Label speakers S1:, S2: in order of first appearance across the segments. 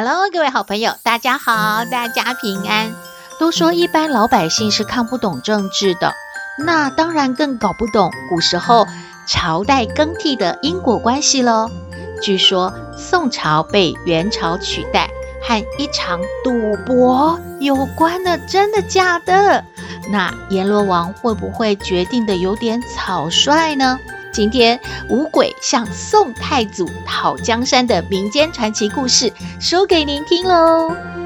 S1: Hello，各位好朋友，大家好，大家平安。都說一般老百姓是看不懂政治的，那當然更搞不懂古時候朝代更替的因果關係嘍。據說宋朝被元朝取代，和一場賭博有關的，真的假的？那閻羅王會不會決定得有點草率呢？今天五鬼向宋太祖討江山的民間傳奇故事，說給您聽嘍。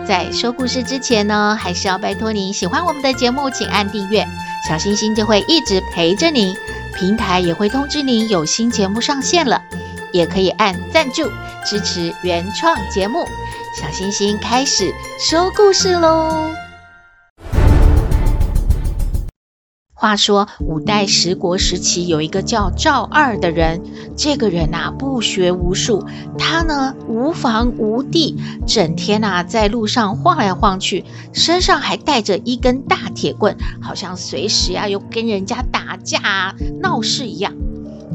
S1: 在說故事之前呢，還是要拜託您，喜歡我們的節目，請按訂閱，小星星就會一直陪着您，平台也會通知您有新節目上線了，也可以按贊助支持原創節目。小星星開始說故事嘍。話說五代十國時期，有一個叫趙二的人。這個人吶、啊，不學無術，他呢，無房無地，整天吶、啊、在路上晃來晃去，身上還帶着一根大鐵棍，好像隨時呀、啊、又跟人家打架鬧事一樣。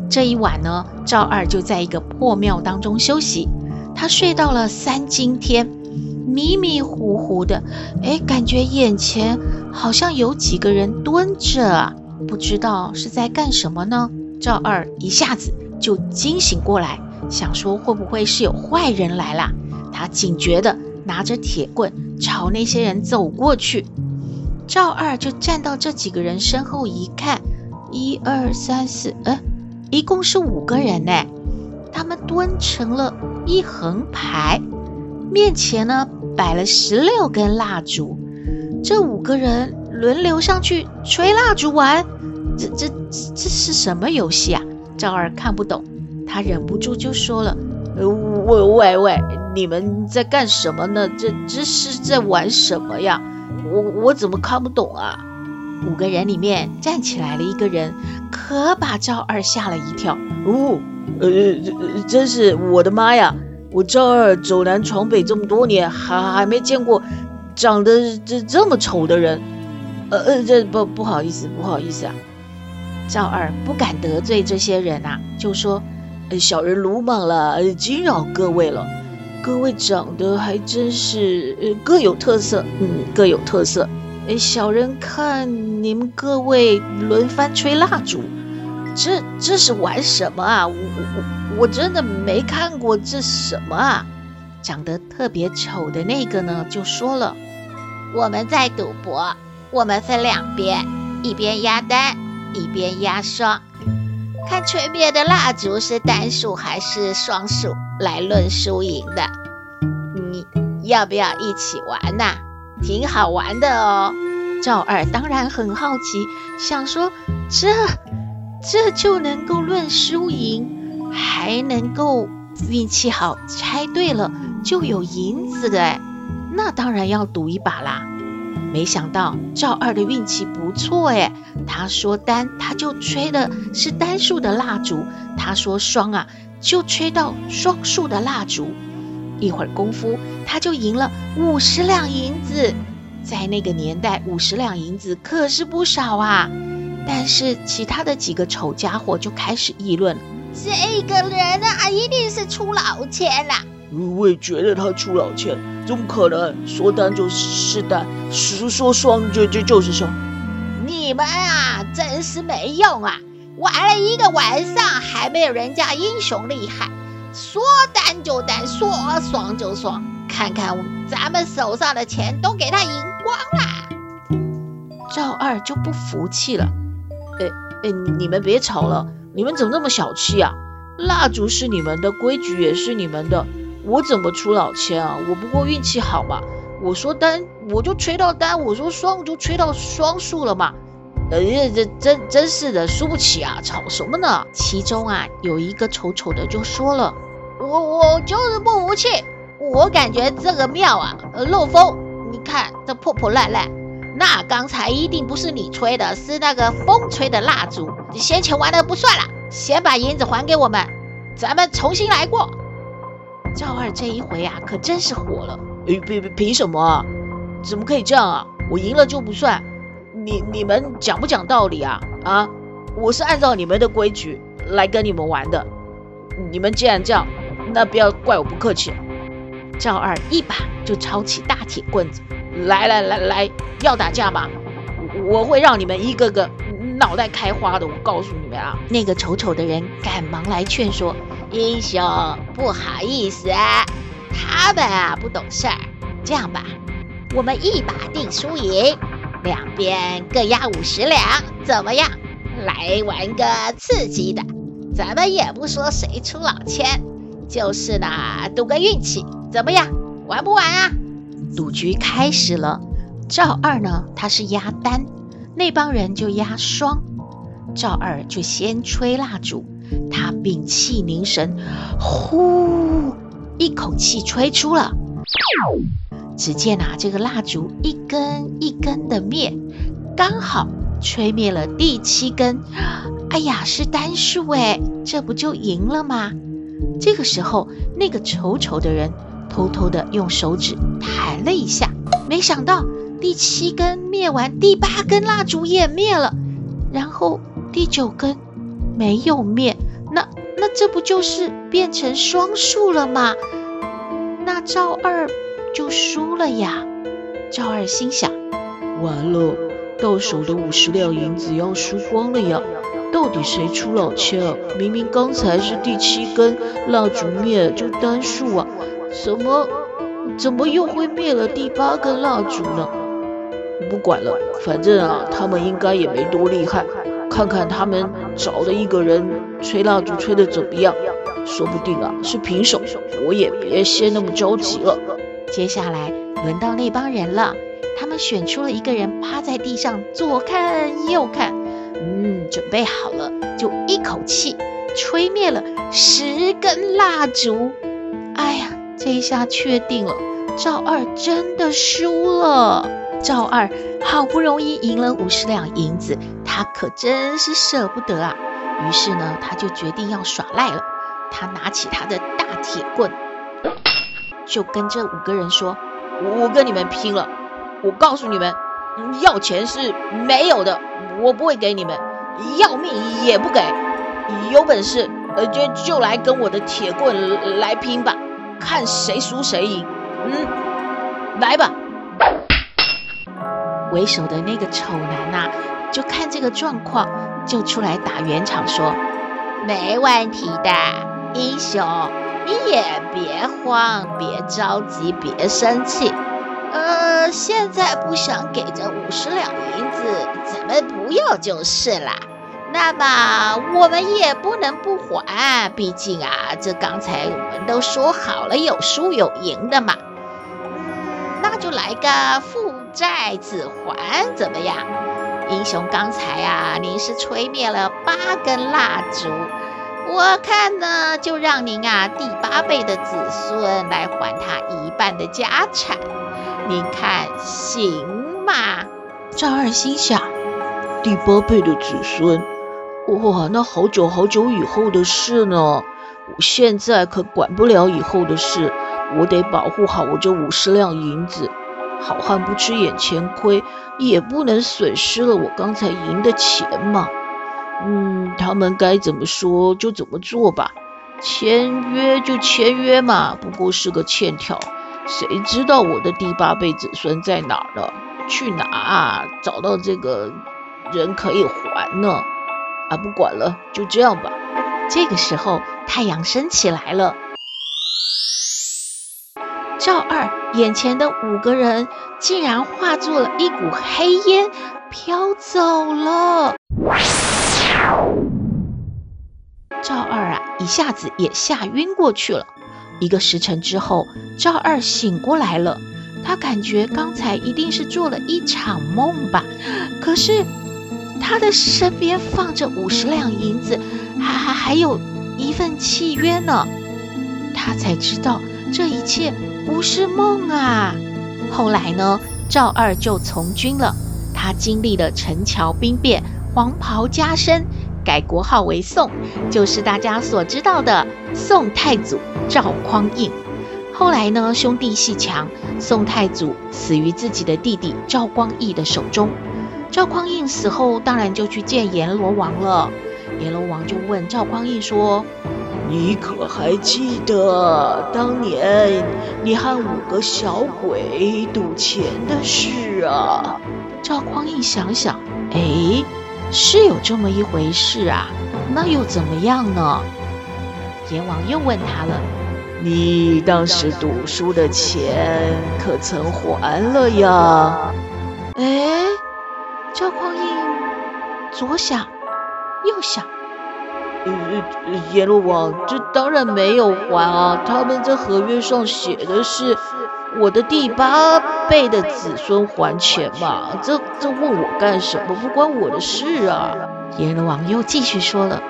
S1: 這一晚呢，趙二就在一個破廟當中休息，他睡到了三更天。迷迷糊糊的，哎，感覺眼前好像有幾個人蹲着，不知道是在幹什麼呢。趙二一下子就驚醒過來，想說會不會是有壞人來啦？他警覺的拿着鐵棍朝那些人走過去。趙二就站到這幾個人身後一看，一二三四，呃，一共是五個人呢。他們蹲成了一橫排，面前呢。擺了十六根蠟燭，這五個人輪流上去吹蠟燭玩，這這這這是什麼遊戲啊？趙二看不懂，他忍不住就說了：“喂喂喂，你們在幹什麼呢？這這是在玩什麼呀？我我怎麼看不懂啊？”五個人裡面站起來了一個人，可把趙二嚇了一跳。哦，呃，這這真是我的媽呀！我趙二走南闖北這麼多年，還還沒見過長得這這麼醜的人。呃呃，這不不好意思，不好意思啊。趙二不敢得罪這些人啊，就說：哎，小人魯莽了，驚擾各位了。各位長得還真是各有特色，嗯，各有特色。哎，小人看你們各位輪番吹蠟燭，這這是玩什麼啊？我我我。我真的沒看過這什麼啊！長得特別醜的那個呢，就說了，我們在賭博，我們分兩邊，一邊壓單，一邊壓雙，看吹滅的蠟燭是單數還是雙數來論輸贏的。你要不要一起玩吶，啊？挺好玩的哦。趙二當然很好奇，想說這這就能夠論輸贏。還能夠運氣好，猜對了就有銀子的哎，那當然要賭一把啦。沒想到趙二的運氣不錯哎，他說單他就吹的是單數的蠟燭，他說雙啊就吹到雙數的蠟燭。一會兒功夫他就贏了五十兩銀子，在那個年代五十兩銀子可是不少啊。但是其他的幾個醜家伙就開始議論。是、這、一個人啊，一定是出老千啦、啊！我也覺得他出老千，怎麼可能說單就是，是單，說，說雙就就就是雙？你們啊，真是沒用啊！玩了一個晚上還沒有人家英雄厲害，說單就單，說雙就雙，看看咱們手上的錢都給他贏光了。趙二就不服氣了，哎哎，你們別吵了。你們怎麼那麼小氣啊？蠟燭是你們的，規矩也是你們的，我怎麼出老千啊？我不過運氣好嘛？我說單，我就吹到單；我說雙，我就吹到雙數了嘛？呃，這真真是的，輸不起啊！吵什麼呢？其中啊，有一個醜醜的就說了，我我就是不服氣，我感覺這個廟啊漏風，你看這破破爛爛。那剛才一定不是你吹的，是那個風吹的蠟燭。先前玩的不算了，先把銀子還給我們，咱們重新來過。趙二這一回呀，啊，可真是火了。誒，憑憑憑什麼？怎麼可以這樣啊？我贏了就不算？你你們講不講道理啊？啊！我是按照你們的規矩來跟你們玩的。你們既然這樣，那不要怪我不客氣。趙二一把就抄起大鐵棍子，來來來來，要打架嗎？我，我會讓你們一個個腦袋開花的！我告訴你們啊。那個醜醜的人趕忙來勸說英雄：“不好意思，他們啊不懂事兒。這樣吧，我們一把定輸贏，兩邊各押五十兩，怎麼樣？來玩個刺激的，咱們也不說誰出老千，就是呢賭個運氣。”怎麼樣，玩不玩啊？賭局開始了，趙二呢，他是壓單，那幫人就壓雙。趙二就先吹蠟燭，他屏氣凝神，呼，一口氣吹出了。只見啊，這個蠟燭一根一根的滅，剛好吹滅了第七根。哎呀，是單數誒，這不就贏了嗎？這個時候，那個醜丑的人。偷偷地用手指彈了一下，沒想到第七根滅完，第八根蠟燭也滅了，然後第九根沒有滅，那那這不就是變成雙數了嗎？那趙二就輸了呀。趙二心想，完了，到手的五十兩銀子要輸光了呀。到底誰出老千啊？明明剛才是第七根蠟燭滅，就單數啊。怎麼？怎麼又會滅了第八根蠟燭呢？不管了，反正啊，他們應該也沒多厲害。看看他們找的一個人吹蠟燭吹得怎麼樣，說不定啊是平手。我也別先那麼着急了。接下來輪到那幫人了，他們選出了一個人趴在地上左看右看，嗯，準備好了，就一口氣吹滅了十根蠟燭。哎呀！這一下確定了，趙二真的輸了。趙二好不容易贏了五十兩銀子，他可真是捨不得啊。於是呢，他就決定要耍賴了。他拿起他的大鐵棍，就跟這五個人說：“我跟你們拼了！我告訴你們，要錢是沒有的，我不會給你們，要命也不給。有本事就就來跟我的鐵棍來，來拼吧！”看誰輸誰贏，嗯，來吧。為首的那個醜男吶、啊，就看這個狀況，就出來打圓場說：“沒問題的，英雄，你也別慌，別着急，別生氣。呃，現在不想給這五十兩銀子，咱們不要就是啦。”那麼我們也不能不還，畢竟啊，這剛才我們都說好了有輸有贏的嘛。那就來個父債子還怎麼樣？英雄剛才呀、啊，您是吹滅了八根蠟燭，我看呢，就讓您啊第八輩的子孫來還他一半的家產，您看行嗎？趙二心想，第八輩的子孫。哇、哦，那好久好久以後的事呢。我現在可管不了以後的事，我得保護好我這五十兩銀子。好漢不吃眼前虧，也不能損失了我剛才贏的錢嘛。嗯，他們該怎麼說就怎麼做吧。簽約就簽約嘛，不過是個欠條。誰知道我的第八輩子孫在哪兒呢？去哪、啊、找到這個人可以還呢？啊，不管了，就這樣吧。這個時候，太陽升起來了。趙二眼前的五個人竟然化作了一股黑煙，飄走了。趙二啊，一下子也嚇暈過去了。一個時辰之後，趙二醒過來了，他感覺剛才一定是做了一場夢吧。可是。他的身邊放着五十兩銀子，還、啊、還還有一份契約呢。他才知道這一切不是夢啊。後來呢，趙二就從軍了。他經歷了陳橋兵變，黃袍加身，改國號為宋，就是大家所知道的宋太祖趙匡胤。後來呢，兄弟鬩牆，宋太祖死於自己的弟弟趙光義的手中。趙匡胤死後，當然就去見閻羅王了。閻羅王就問趙匡胤說：“你可還記得當年你和五個小鬼賭錢的事啊？”趙匡胤想想，誒、哎，是有這麼一回事啊。那又怎麼樣呢？閻王又問他了：“你當時賭輸的錢可曾還了呀？”誒、哎。左想右想，呃、呃、閻羅王，這當然沒有還啊！他們在合約上寫的是我的第八輩的子孫還錢嘛，這這問我幹什麼？不關我的事啊！閻羅王又繼續說了，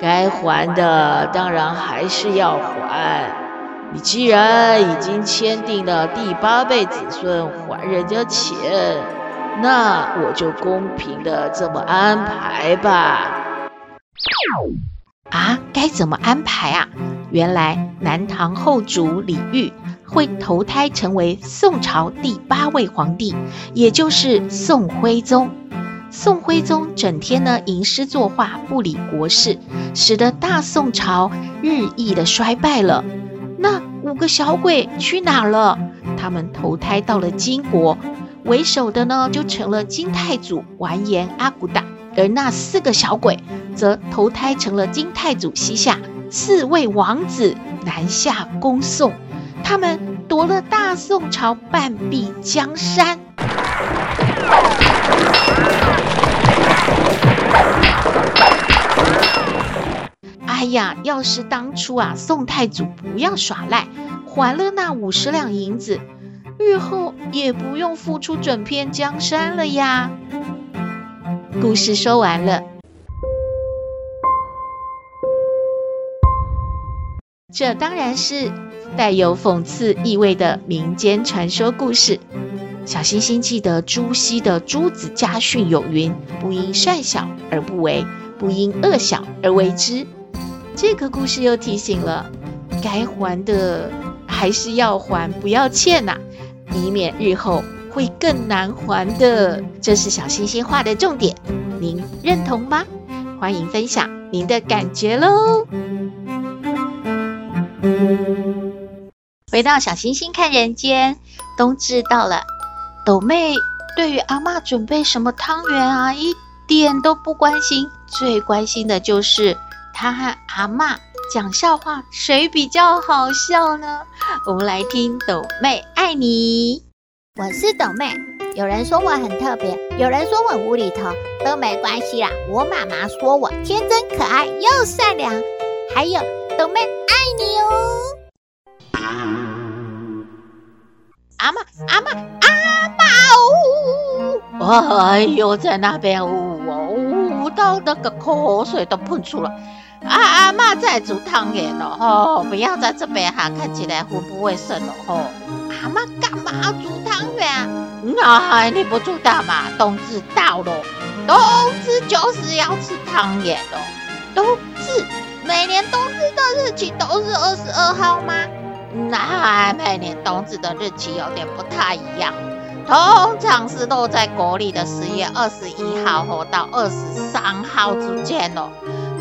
S1: 該還的當然還是要還，你既然已經簽訂了第八輩子孫還人家錢。那我就公平地這麼安排吧。啊，該怎麼安排啊？原來南唐後主李煜會投胎成為宋朝第八位皇帝，也就是宋徽宗。宋徽宗整天呢吟詩作畫，不理國事，使得大宋朝日益的衰敗了。那五個小鬼去哪兒了？他們投胎到了金國。為首的呢，就成了金太祖完顏阿骨打，而那四個小鬼則投胎成了金太祖膝下四位王子，南下攻宋，他們奪了大宋朝半壁江山。 哎呀，要是當初啊，宋太祖不要耍賴，還了那五十兩銀子。日後也不用付出整片江山了呀。故事說完了，這當然是帶有諷刺意味的民間傳說故事。小星星記得朱熹的《朱子家訓》有云：“不因善小而不為，不因惡小而為之。”這個故事又提醒了：該還的還是要還，不要欠吶啊。以免日後會更難還的，這是小星星畫的重點，您認同嗎？歡迎分享您的感覺嘍。回到小星星看人間，冬至到了，斗妹對於阿嬤準備什麼湯圓啊一點都不關心，最關心的就是她和阿嬤講笑話誰比較好笑呢？我們來聽“斗妹愛你”。我是斗妹，有人說我很特別，有人說我無厘頭，都沒關係啦。我媽媽說我天真可愛又善良。還有，斗妹愛你哦！阿、啊、媽阿、啊、媽阿、啊、媽哦、哦、哦、哦、哦！哎呦，在那邊嗚嗚嗚、嗚、嗚到那個口水都噴出來。啊、阿阿媽在煮湯圓哦，吼、哦！不要在這邊哈，看起來會不會生哦，吼、哦！阿媽幹嘛煮湯圓？啊、嗯、啊、哎，你不知道嗎？冬至到了，冬至就是要吃湯圓哦。冬至每年冬至的日期都是二十二號嗎？那、嗯、哎、每年冬至的日期有點不太一樣，通常是落在國曆的十月二十一號和、哦、到二十三號之間哦。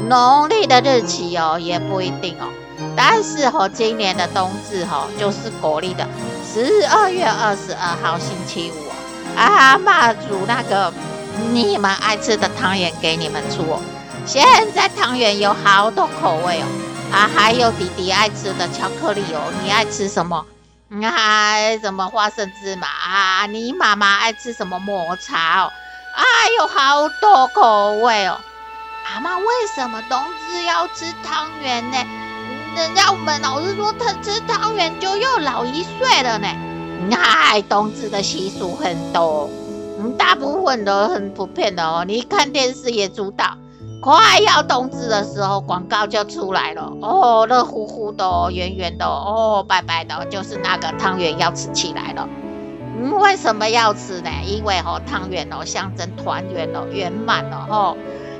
S1: 農曆的日期哦，也不一定哦。但是哦，今年的冬至哦，就是國曆的十二月二十二號星期五哦。啊，媽煮那個你們愛吃的湯圓給你們吃哦。現在湯圓有好多口味哦，啊，還有弟弟愛吃的巧克力哦。你愛吃什麼？啊，什麼花生芝麻啊？你媽媽愛吃什麼抹茶哦？啊，有好多口味哦。媽、啊、媽，為什麼冬至要吃湯圓呢？嗯、人家我們老師說，他吃湯圓就又老一歲了呢、嗯。哎，冬至的習俗很多，嗯，大部分都很普遍的哦。你一看電視也知道，快要冬至的時候，廣告就出來了。哦，熱乎乎的哦，圓圓的哦，白白的哦，就是那個湯圓要吃起來了。嗯，為什麼要吃呢？因為哦，湯圓哦，象徵團圓哦，圓滿哦。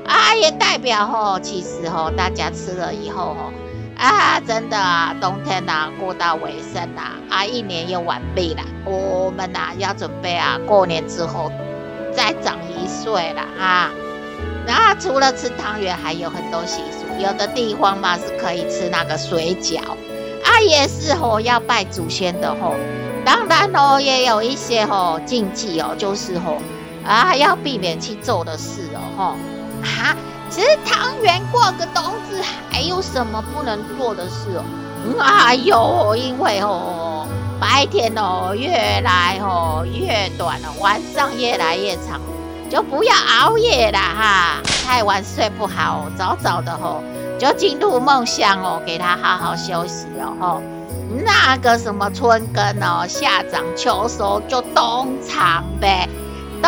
S1: 啊，也代表吼，其實吼，大家吃了以後吼，啊，真的，啊，冬天吶，啊，過到尾聲吶，啊，啊，一年又完畢啦，我們吶，啊，要準備啊，過年之後再長一歲啦啊。那除了吃湯圓，還有很多習俗，有的地方嘛是可以吃那個水餃，啊，也是吼要拜祖先的吼。當然哦，也有一些吼禁忌哦，就是吼啊要避免去做的事哦，吼。哈，吃湯圓過個冬至，還有什麼不能做的事哦、喔？啊、嗯、喲、哎，因為哦，白天哦越來哦越短了，晚上越來越長，就不要熬夜了哈，太晚睡不好，早早的吼就進入夢鄉哦，給他好好休息哦吼，吼。那個什麼春耕哦，夏長秋收就冬藏唄。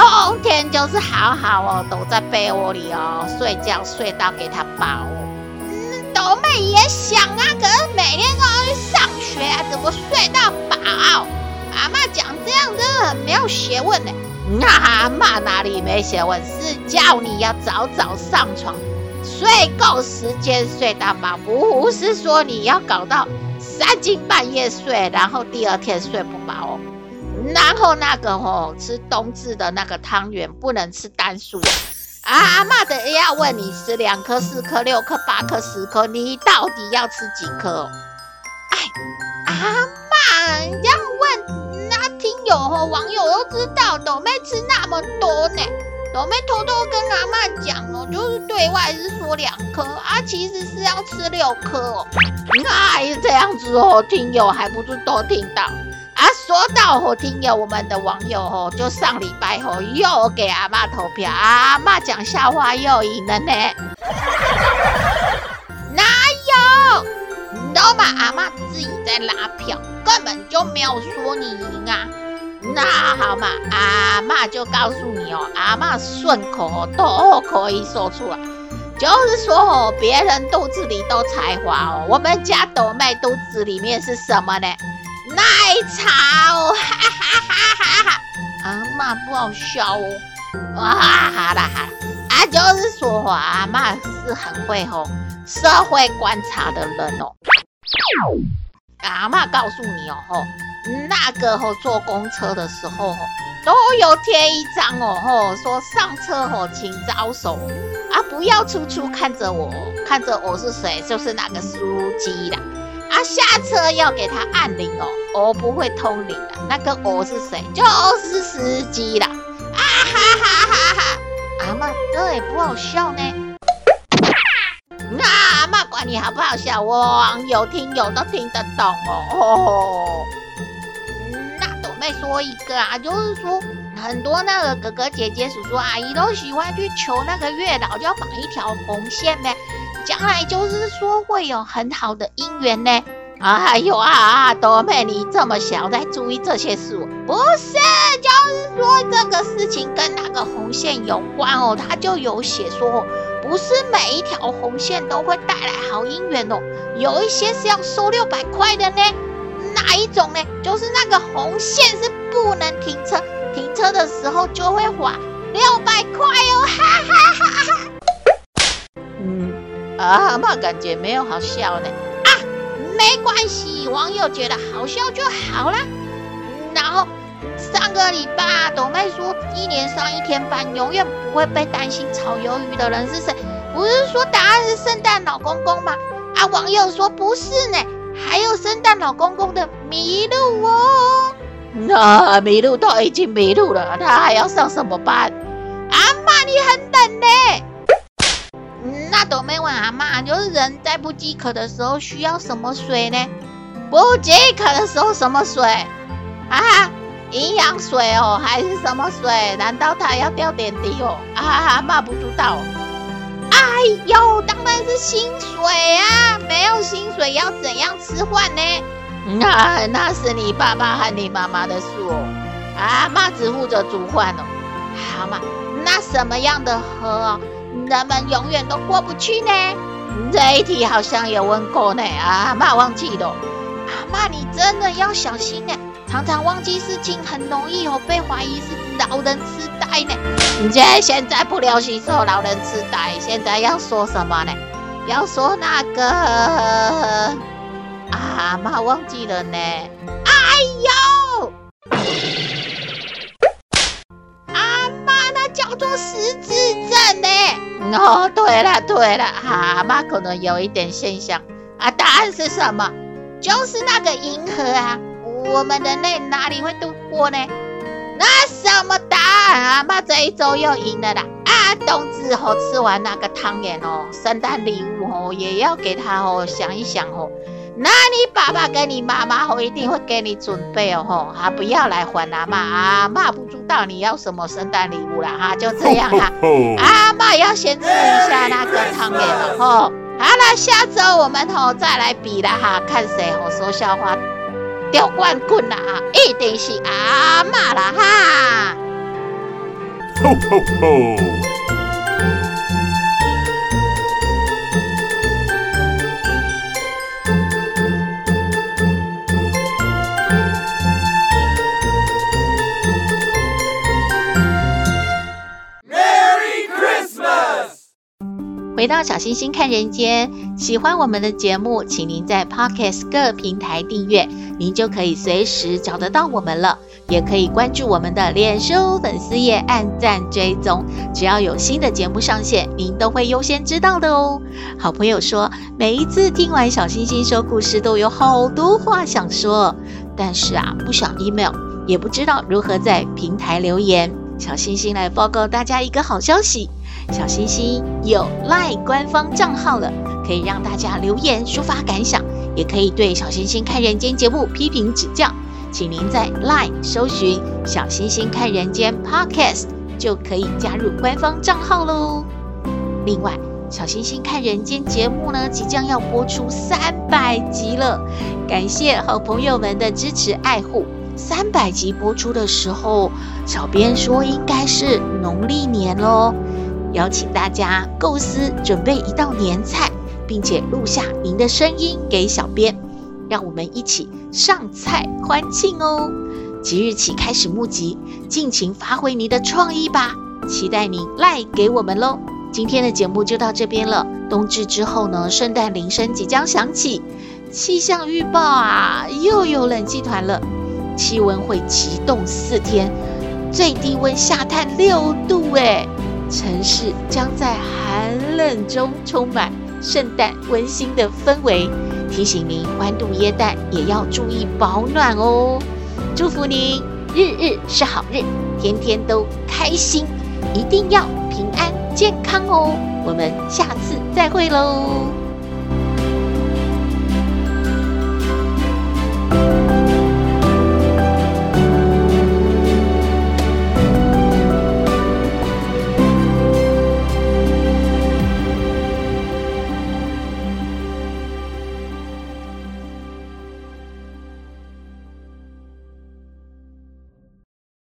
S1: 冬天就是好好哦，躲在被窩裡哦，睡覺睡到給他飽哦。嗯，斗妹也想啊，可是每天都要去上學，啊，怎麼睡到飽哦？阿嬤講這樣子很沒有學問的。阿嬤哪裡沒學問？是叫你要早早上床，睡夠時間，睡到飽。不是說你要搞到三更半夜睡，然後第二天睡不飽哦。然後那個哦，吃冬至的那個湯圓不能吃單數，啊阿嬤，等一下問你吃兩顆、四顆、六顆、八顆、十顆，你到底要吃幾顆？哎，阿嬤要問，那、嗯啊，聽友和網友都知道都沒吃那麼多呢，都沒偷偷跟阿嬤講哦，就是對外是說兩顆，啊其實是要吃六顆哦，那、哎、看這樣子哦，聽友還不是都聽到。啊，說到哦，聽有我們的網友哦，就上禮拜哦又給阿嬤投票、啊、阿嬤講笑話又贏了呢。 哪有？你都嘛，阿嬤自己在拉票，根本就沒有說你贏啊。那好嘛，阿嬤就告訴你哦，阿嬤順口哦都可以說出來，就是說哦，別人肚子裡都才華哦，我們家斗妹肚子裡面是什麼呢？太吵、哦，哈哈哈哈，哈，哈！哈阿嬤不好笑、哦，啊好哈好了，阿、啊、就是說話、啊，阿嬤是很會吼、哦、社會觀察的人哦。啊、阿嬤告訴你哦吼、哦，那個吼、哦、坐公車的時候吼、哦，都有貼一張哦吼、哦，說上車吼、哦、請招手，啊不要處處看着我，看着我是誰，就是那個司機啦。啊，下車要給他按鈴哦，我不會通靈的、啊，那個我是誰？就是司機啦。啊哈哈哈哈！阿嬤，這也不好笑呢。啊，阿嬤管你好不好笑？我網友聽友都聽得懂哦。呵呵。那斗妹說一個啊，就是說很多那個哥哥姐姐、姐、叔叔阿姨都喜歡去求那個月老，就要綁一條紅線唄。將來就是說會有很好的姻緣呢。哎喲啊啊！斗妹，你這麼小在注意這些事，不是？就是說這個事情跟那個紅線有關哦。它就有寫說、哦，不是每一條紅線都會帶來好姻緣哦。有一些是要收六百塊的呢。哪一種呢？就是那個紅線是不能停車，停車的時候就會花六百塊哦。哈哈哈哈哈。啊，阿嬤感覺沒有好笑呢、欸。啊，沒關係，網友覺得好笑就好了。然後上個禮拜，斗妹說，一年上一天班，永遠不會被擔心炒魷魚的人是誰？不是說答案是聖誕老公公嗎？啊，網友說不是呢、欸。還有聖誕老公公的麋鹿哦。那、啊、麋鹿都已經迷路了，他還要上什麼班？阿、啊、媽你很冷呢、欸。那都沒問阿嬤，就是人在不飢渴的時候需要什麼水呢？不飢渴的時候什麼水啊？營養水哦，還是什麼水？難道他要掉點滴哦？啊，阿嬤不知道。哎呦，當然是薪水啊！沒有薪水要怎樣吃飯呢？那、啊、那是你爸爸和你媽媽的事哦。啊、阿嬤只負責煮飯哦。好、啊、嘛，那什麼樣的喝、哦？人們永遠都過不去呢？這一題好像有問過呢啊，阿媽忘記了。阿媽，你真的要小心呢、欸。常常忘記事情很容易哦，被懷疑是老人痴呆呢。人家現在不流行說老人痴呆，現在要說什麼呢？要說那個呵呵呵……啊，阿媽忘記了呢。哎呦！要做十字鎮呢、欸嗯？哦，對了對了，蛤、啊、嬤可能有一點印象啊。答案是什麼？就是那個銀河啊。我們人類哪裡會渡過呢？那什麼答案啊？阿嬤這一周又贏了啦！啊，冬至吼、哦、吃完那個湯圓哦，聖誕禮物吼、哦、也要給他哦，想一想哦。那你爸爸跟你媽媽吼，一定會給你準備哦吼、哦啊、不要來煩阿嬤，阿嬤不知道你要什麼聖誕禮物了哈、啊，就這樣哈，阿、oh, 嬤、oh, oh. 啊、要先吃一下那個湯圓吼。好了，下周我們吼、哦、再來比了哈，看誰吼、哦、說笑話得冠棍啦、啊，一定是阿嬤啦哈。吼吼吼。回到小星星看人間，喜歡我們的節目，請您在 Podcast 各平台訂閱，您就可以隨時找得到我們了。也可以關注我們的臉書粉絲頁，按讚追蹤，只要有新的節目上線，您都會優先知道的哦。好朋友說，每一次聽完小星星說故事，都有好多話想說，但是啊，不想 email，也不知道如何在平台留言。小星星來報告大家一個好消息。小星星有 LINE 官方賬號了，可以讓大家留言抒發感想，也可以對小星星看人間節目批評指教。請您在 LINE 搜尋“小星星看人間 Podcast” 就可以加入官方賬號嘍。另外，小星星看人間節目呢，即將要播出三百集了，感謝好朋友們的支持愛護。三百集播出的時候，小編說應該是農曆年嘍。邀請大家構思準備一道年菜，並且錄下您的聲音給小編，讓我們一起上菜歡慶哦！即日起開始募集，盡情發揮您的創意吧！期待您賴給我們嘍！今天的節目就到這邊了。冬至之後呢，聖誕鈴聲即將響起。氣象預報啊，又有冷氣團了，氣溫會急凍四天，最低溫下探六度，欸，誒。城市將在寒冷中充滿聖誕溫馨的氛圍，提醒您歡度耶誕也要注意保暖哦。祝福您日日是好日，天天都開心，一定要平安健康哦。我們下次再會嘍。